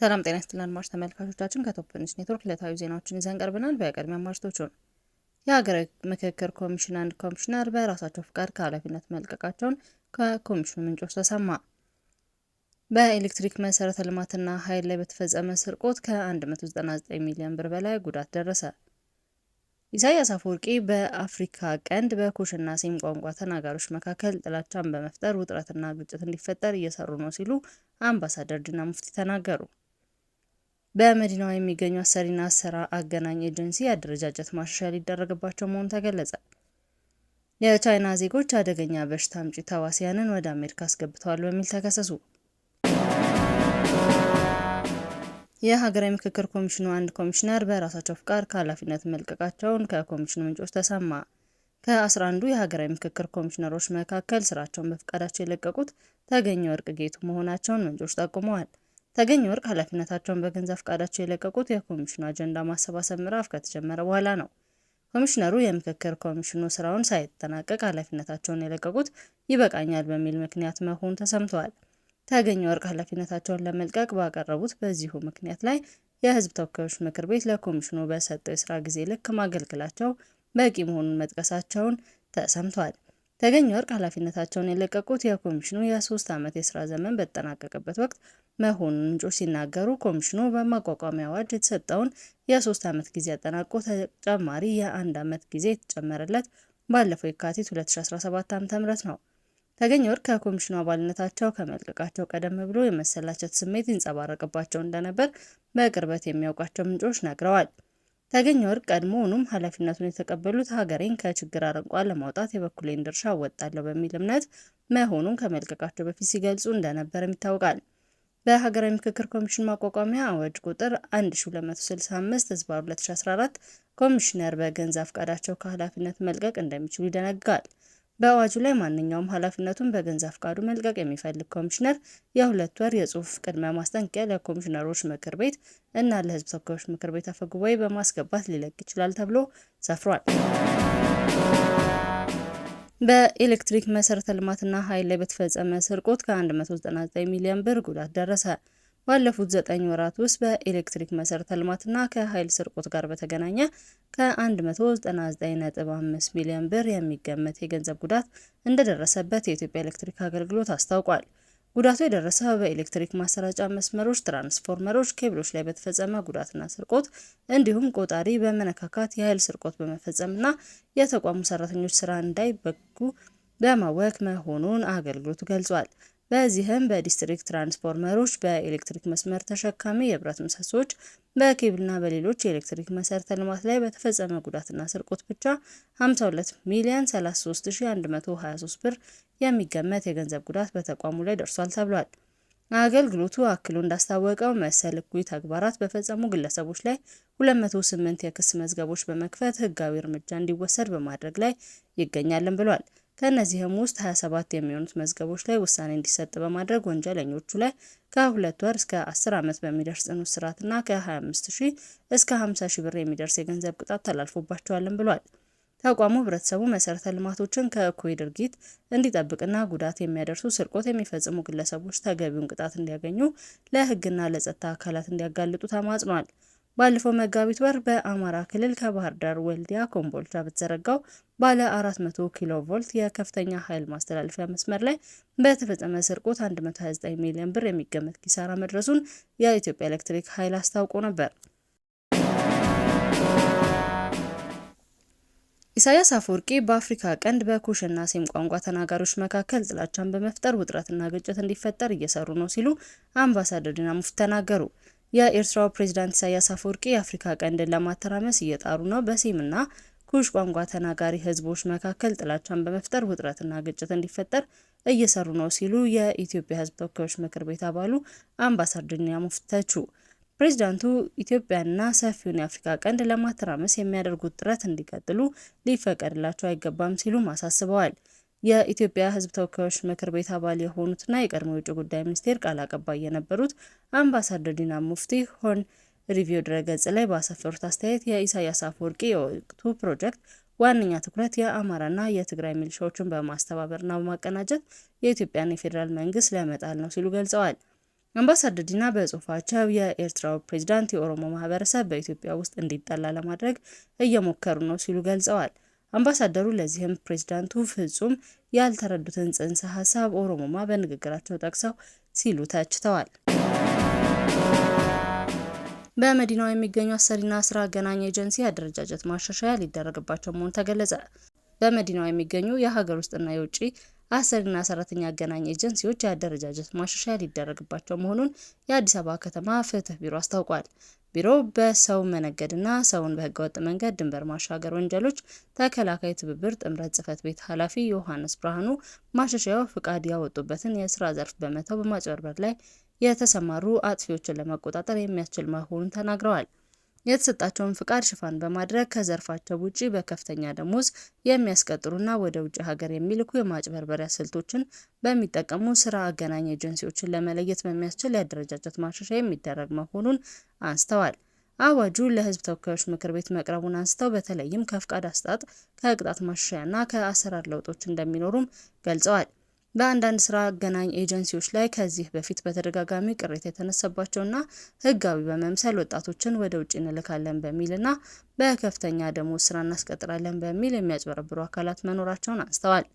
ሰላም ጤና ይስጥልን አድማጭ ተመልካቾቻችን፣ ከቶፕ ኒውስ ኔትወርክ ዕለታዊ ዜናዎችን ይዘን ቀርበናል። በቅድሚያ አማርቶቹን የሀገራዊ ምክክር ኮሚሽን አንድ ኮሚሽነር በራሳቸው ፍቃድ ከኃላፊነት መልቀቃቸውን ከኮሚሽኑ ምንጮች ተሰማ። በኤሌክትሪክ መሰረተ ልማትና ኃይል ላይ በተፈጸመ ስርቆት ከ199 ሚሊዮን ብር በላይ ጉዳት ደረሰ። ኢሳያስ አፈወርቂ በአፍሪካ ቀንድ በኩሽና ሲም ቋንቋ ተናጋሪዎች መካከል ጥላቻን በመፍጠር ውጥረትና ግጭት እንዲፈጠር እየሰሩ ነው ሲሉ አምባሳደር ዲና ሙፍቲ ተናገሩ። በመዲናዋ የሚገኙ አሰሪና ስራ አገናኝ ኤጀንሲ የአደረጃጀት ማሻሻያ ሊደረግባቸው መሆኑ ተገለጸ። የቻይና ዜጎች አደገኛ በሽታ አምጪ ተዋሲያንን ወደ አሜሪካ አስገብተዋል በሚል ተከሰሱ። የሀገራዊ ምክክር ኮሚሽኑ አንድ ኮሚሽነር በራሳቸው ፍቃድ ከኃላፊነት መልቀቃቸውን ከኮሚሽኑ ምንጮች ተሰማ። ከአስራ አንዱ የሀገራዊ ምክክር ኮሚሽነሮች መካከል ስራቸውን በፍቃዳቸው የለቀቁት ተገኘ ወርቅ ጌቱ መሆናቸውን ምንጮች ጠቁመዋል። ተገኝ ወርቅ ኃላፊነታቸውን በገንዘብ ፈቃዳቸው የለቀቁት የኮሚሽኑ አጀንዳ ማሰባሰብ ምዕራፍ ከተጀመረ በኋላ ነው። ኮሚሽነሩ የምክክር ኮሚሽኑ ስራውን ሳይጠናቀቅ ኃላፊነታቸውን የለቀቁት ይበቃኛል በሚል ምክንያት መሆኑ ተሰምተዋል። ተገኝ ወርቅ ኃላፊነታቸውን ለመልቀቅ ባቀረቡት በዚሁ ምክንያት ላይ የህዝብ ተወካዮች ምክር ቤት ለኮሚሽኑ በሰጠው የስራ ጊዜ ልክ ማገልገላቸው በቂ መሆኑን መጥቀሳቸውን ተሰምቷል። ተገኝ ወርቅ ኃላፊነታቸውን የለቀቁት የኮሚሽኑ የሶስት ዓመት የስራ ዘመን በተጠናቀቀበት ወቅት መሆኑን ምንጮች ሲናገሩ ኮሚሽኑ በማቋቋሚያ አዋጅ የተሰጠውን የሶስት ዓመት ጊዜ አጠናቆ ተጨማሪ የአንድ ዓመት ጊዜ የተጨመረለት ባለፈው የካቲት 2017 ዓ.ም ነው። ተገኘ ወርቅ ከኮሚሽኑ አባልነታቸው ከመልቀቃቸው ቀደም ብሎ የመሰላቸት ስሜት ይንጸባረቅባቸው እንደነበር በቅርበት የሚያውቋቸው ምንጮች ነግረዋል። ተገኘ ወርቅ ቀድሞውኑም ኃላፊነቱን የተቀበሉት ሀገሬን ከችግር አረንቋ ለማውጣት የበኩሌን ድርሻ እወጣለሁ በሚል እምነት መሆኑን ከመልቀቃቸው በፊት ሲገልጹ እንደነበርም ይታወቃል። በሀገራዊ ምክክር ኮሚሽን ማቋቋሚያ አዋጅ ቁጥር 1265 ህዝባ 2014 ኮሚሽነር በገንዘብ ፈቃዳቸው ከኃላፊነት መልቀቅ እንደሚችሉ ይደነግጋል። በአዋጁ ላይ ማንኛውም ኃላፊነቱን በገንዘብ ፈቃዱ መልቀቅ የሚፈልግ ኮሚሽነር የሁለት ወር የጽሁፍ ቅድመ ማስጠንቀቂያ ለኮሚሽነሮች ምክር ቤት እና ለህዝብ ተወካዮች ምክር ቤት አፈጉባኤ በማስገባት ሊለቅ ይችላል ተብሎ ሰፍሯል። በኤሌክትሪክ መሰረተ ልማትና ኃይል ላይ በተፈጸመ ስርቆት ከ199 ሚሊዮን ብር ጉዳት ደረሰ። ባለፉት ዘጠኝ ወራት ውስጥ በኤሌክትሪክ መሰረተ ልማትና ከኃይል ስርቆት ጋር በተገናኘ ከ199.5 ሚሊዮን ብር የሚገመት የገንዘብ ጉዳት እንደደረሰበት የኢትዮጵያ ኤሌክትሪክ አገልግሎት አስታውቋል። ጉዳቱ የደረሰው በኤሌክትሪክ ማሰራጫ መስመሮች፣ ትራንስፎርመሮች፣ ኬብሎች ላይ በተፈጸመ ጉዳትና ስርቆት እንዲሁም ቆጣሪ በመነካካት የኃይል ስርቆት በመፈጸምና የተቋሙ ሰራተኞች ስራ እንዳይበጉ በማወክ መሆኑን አገልግሎቱ ገልጿል። በዚህም በዲስትሪክት ትራንስፎርመሮች፣ በኤሌክትሪክ መስመር ተሸካሚ የብረት ምሰሶች፣ በኬብልና በሌሎች የኤሌክትሪክ መሰረተ ልማት ላይ በተፈጸመ ጉዳትና ስርቆት ብቻ 52 ሚሊዮን 33123 ብር የሚገመት የገንዘብ ጉዳት በተቋሙ ላይ ደርሷል ተብሏል። አገልግሎቱ አክሎ እንዳስታወቀው መሰል ህጉ ተግባራት በፈጸሙ ግለሰቦች ላይ 208 የክስ መዝገቦች በመክፈት ህጋዊ እርምጃ እንዲወሰድ በማድረግ ላይ ይገኛልን ብሏል። ከእነዚህም ውስጥ 27 የሚሆኑት መዝገቦች ላይ ውሳኔ እንዲሰጥ በማድረግ ወንጀለኞቹ ላይ ከሁለት ወር እስከ 10 ዓመት በሚደርስ ጽኑ እስራትና ከ25 ሺህ እስከ 50 ሺህ ብር የሚደርስ የገንዘብ ቅጣት ተላልፎባቸዋልም ብሏል። ተቋሙ ህብረተሰቡ መሰረተ ልማቶችን ከእኩይ ድርጊት እንዲጠብቅና ጉዳት የሚያደርሱ ስርቆት የሚፈጽሙ ግለሰቦች ተገቢውን ቅጣት እንዲያገኙ ለህግና ለጸጥታ አካላት እንዲያጋልጡ ተማጽኗል። ባለፈው መጋቢት ወር በአማራ ክልል ከባህር ዳር ወልዲያ ኮምቦልቻ በተዘረጋው ባለ 400 ኪሎ ቮልት የከፍተኛ ኃይል ማስተላለፊያ መስመር ላይ በተፈጸመ ስርቆት 129 ሚሊዮን ብር የሚገመት ኪሳራ መድረሱን የኢትዮጵያ ኤሌክትሪክ ኃይል አስታውቆ ነበር። ኢሳያስ አፈወርቂ በአፍሪካ ቀንድ በኩሽና ሴም ቋንቋ ተናጋሪዎች መካከል ጥላቻን በመፍጠር ውጥረትና ግጭት እንዲፈጠር እየሰሩ ነው ሲሉ አምባሳደር ዲና ሙፍቲ ተናገሩ። የኤርትራው ፕሬዝዳንት ኢሳያስ አፈወርቂ የአፍሪካ ቀንድን ለማተራመስ እየጣሩ ነው፣ በሴምና ኩሽ ቋንቋ ተናጋሪ ህዝቦች መካከል ጥላቻን በመፍጠር ውጥረትና ግጭት እንዲፈጠር እየሰሩ ነው ሲሉ የኢትዮጵያ ህዝብ ተወካዮች ምክር ቤት አባሉ አምባሳደር ዲና ሙፍቲ ተቹ። ፕሬዚዳንቱ ኢትዮጵያና ሰፊውን የአፍሪካ ቀንድ ለማተራመስ የሚያደርጉት ጥረት እንዲቀጥሉ ሊፈቀድላቸው አይገባም ሲሉም አሳስበዋል። የኢትዮጵያ ሕዝብ ተወካዮች ምክር ቤት አባል የሆኑትና የቀድሞ የውጭ ጉዳይ ሚኒስቴር ቃል አቀባይ የነበሩት አምባሳደር ዲና ሙፍቲ ሆን ሪቪው ድረገጽ ላይ ባሰፈሩት አስተያየት የኢሳያስ አፈወርቂ የወቅቱ ፕሮጀክት ዋነኛ ትኩረት የአማራና የትግራይ ሚሊሻዎችን በማስተባበርና በማቀናጀት የኢትዮጵያን የፌዴራል መንግስት ለመጣል ነው ሲሉ ገልጸዋል። አምባሳደር ዲና በጽሁፋቸው የኤርትራው ፕሬዚዳንት የኦሮሞ ማህበረሰብ በኢትዮጵያ ውስጥ እንዲጠላ ለማድረግ እየሞከሩ ነው ሲሉ ገልጸዋል። አምባሳደሩ ለዚህም ፕሬዚዳንቱ ፍጹም ያልተረዱትን ጽንሰ ሀሳብ ኦሮሞማ በንግግራቸው ጠቅሰው ሲሉ ተችተዋል። በመዲናው የሚገኙ አሰሪና ስራ አገናኝ ኤጀንሲ አደረጃጀት ማሻሻያ ሊደረግባቸው መሆኑ ተገለጸ። በመዲናው የሚገኙ የሀገር ውስጥና የውጭ አሰሪና ሰራተኛ አገናኝ ኤጀንሲዎች የአደረጃጀት ማሻሻያ ሊደረግባቸው መሆኑን የአዲስ አበባ ከተማ ፍትህ ቢሮ አስታውቋል። ቢሮው በሰው መነገድና ሰውን በህገወጥ መንገድ ድንበር ማሻገር ወንጀሎች ተከላካይ ትብብር ጥምረት ጽህፈት ቤት ኃላፊ ዮሐንስ ብርሃኑ ማሻሻያው ፍቃድ ያወጡበትን የስራ ዘርፍ በመተው በማጭበርበር ላይ የተሰማሩ አጥፊዎችን ለመቆጣጠር የሚያስችል መሆኑን ተናግረዋል። የተሰጣቸውን ፍቃድ ሽፋን በማድረግ ከዘርፋቸው ውጪ በከፍተኛ ደሞዝ የሚያስቀጥሩና ወደ ውጭ ሀገር የሚልኩ የማጭበርበሪያ ስልቶችን በሚጠቀሙ ስራ አገናኝ ኤጀንሲዎችን ለመለየት በሚያስችል የአደረጃጀት ማሻሻያ የሚደረግ መሆኑን አንስተዋል። አዋጁ ለሕዝብ ተወካዮች ምክር ቤት መቅረቡን አንስተው በተለይም ከፍቃድ አሰጣጥ፣ ከቅጣት ማሻሻያና ከአሰራር ለውጦች እንደሚኖሩም ገልጸዋል። በአንዳንድ ስራ አገናኝ ኤጀንሲዎች ላይ ከዚህ በፊት በተደጋጋሚ ቅሬታ የተነሳባቸውና ህጋዊ በመምሰል ወጣቶችን ወደ ውጭ እንልካለን በሚልና በከፍተኛ ደሞዝ ስራ እናስቀጥራለን በሚል የሚያጭበረብሩ አካላት መኖራቸውን አንስተዋል።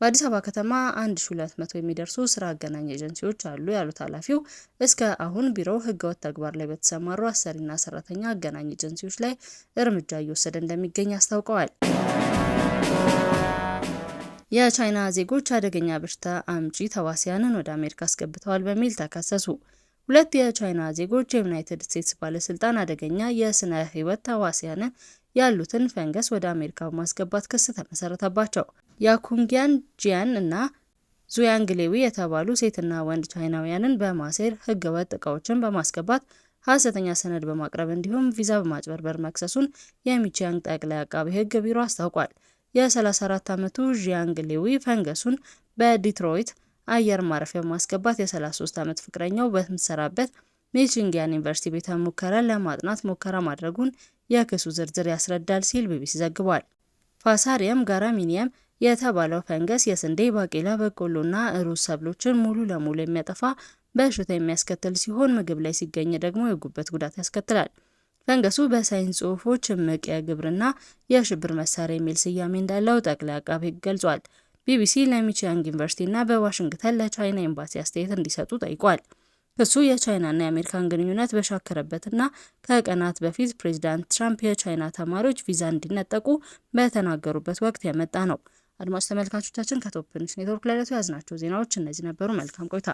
በአዲስ አበባ ከተማ 1200 የሚደርሱ ስራ አገናኝ ኤጀንሲዎች አሉ ያሉት ኃላፊው፣ እስከ አሁን ቢሮው ህገወጥ ተግባር ላይ በተሰማሩ አሰሪና ሰራተኛ አገናኝ ኤጀንሲዎች ላይ እርምጃ እየወሰደ እንደሚገኝ አስታውቀዋል። የቻይና ዜጎች አደገኛ በሽታ አምጪ ተዋሲያንን ወደ አሜሪካ አስገብተዋል በሚል ተከሰሱ። ሁለት የቻይና ዜጎች የዩናይትድ ስቴትስ ባለስልጣን አደገኛ የስነ ህይወት ተዋሲያንን ያሉትን ፈንገስ ወደ አሜሪካ በማስገባት ክስ ተመሰረተባቸው። ያኩንጊያን ጂያን እና ዙያንግሌዊ የተባሉ ሴትና ወንድ ቻይናውያንን በማሴር ህገወጥ እቃዎችን በማስገባት ሀሰተኛ ሰነድ በማቅረብ እንዲሁም ቪዛ በማጭበርበር መክሰሱን የሚቺያንግ ጠቅላይ አቃቢ ህግ ቢሮ አስታውቋል። የ34 ዓመቱ ዢያንግ ሊዊ ፈንገሱን በዲትሮይት አየር ማረፊያ በማስገባት የ33 ዓመት ፍቅረኛው በምትሰራበት ሚቺንግያን ዩኒቨርሲቲ ቤተ ሙከራ ለማጥናት ሙከራ ማድረጉን የክሱ ዝርዝር ያስረዳል ሲል ቢቢሲ ዘግቧል። ፋሳሪየም ጋራሚኒየም የተባለው ፈንገስ የስንዴ፣ ባቄላ፣ በቆሎና ሩዝ ሰብሎችን ሙሉ ለሙሉ የሚያጠፋ በሽታ የሚያስከትል ሲሆን ምግብ ላይ ሲገኝ ደግሞ የጉበት ጉዳት ያስከትላል። ፈንገሱ በሳይንስ ጽሑፎች እምቅ የግብርና የሽብር መሳሪያ የሚል ስያሜ እንዳለው ጠቅላይ አቃቤ ሕግ ገልጿል። ቢቢሲ ዩኒቨርሲቲ ዩኒቨርሲቲና በዋሽንግተን ለቻይና ኤምባሲ አስተያየት እንዲሰጡ ጠይቋል። ክሱ የቻይናና የአሜሪካን ግንኙነት በሻከረበትና ከቀናት በፊት ፕሬዚዳንት ትራምፕ የቻይና ተማሪዎች ቪዛ እንዲነጠቁ በተናገሩበት ወቅት የመጣ ነው። አድማጭ ተመልካቾቻችን ከቶፕ ኒውስ ኔትወርክ ለዕለቱ ያዝናቸው ዜናዎች እነዚህ ነበሩ። መልካም ቆይታ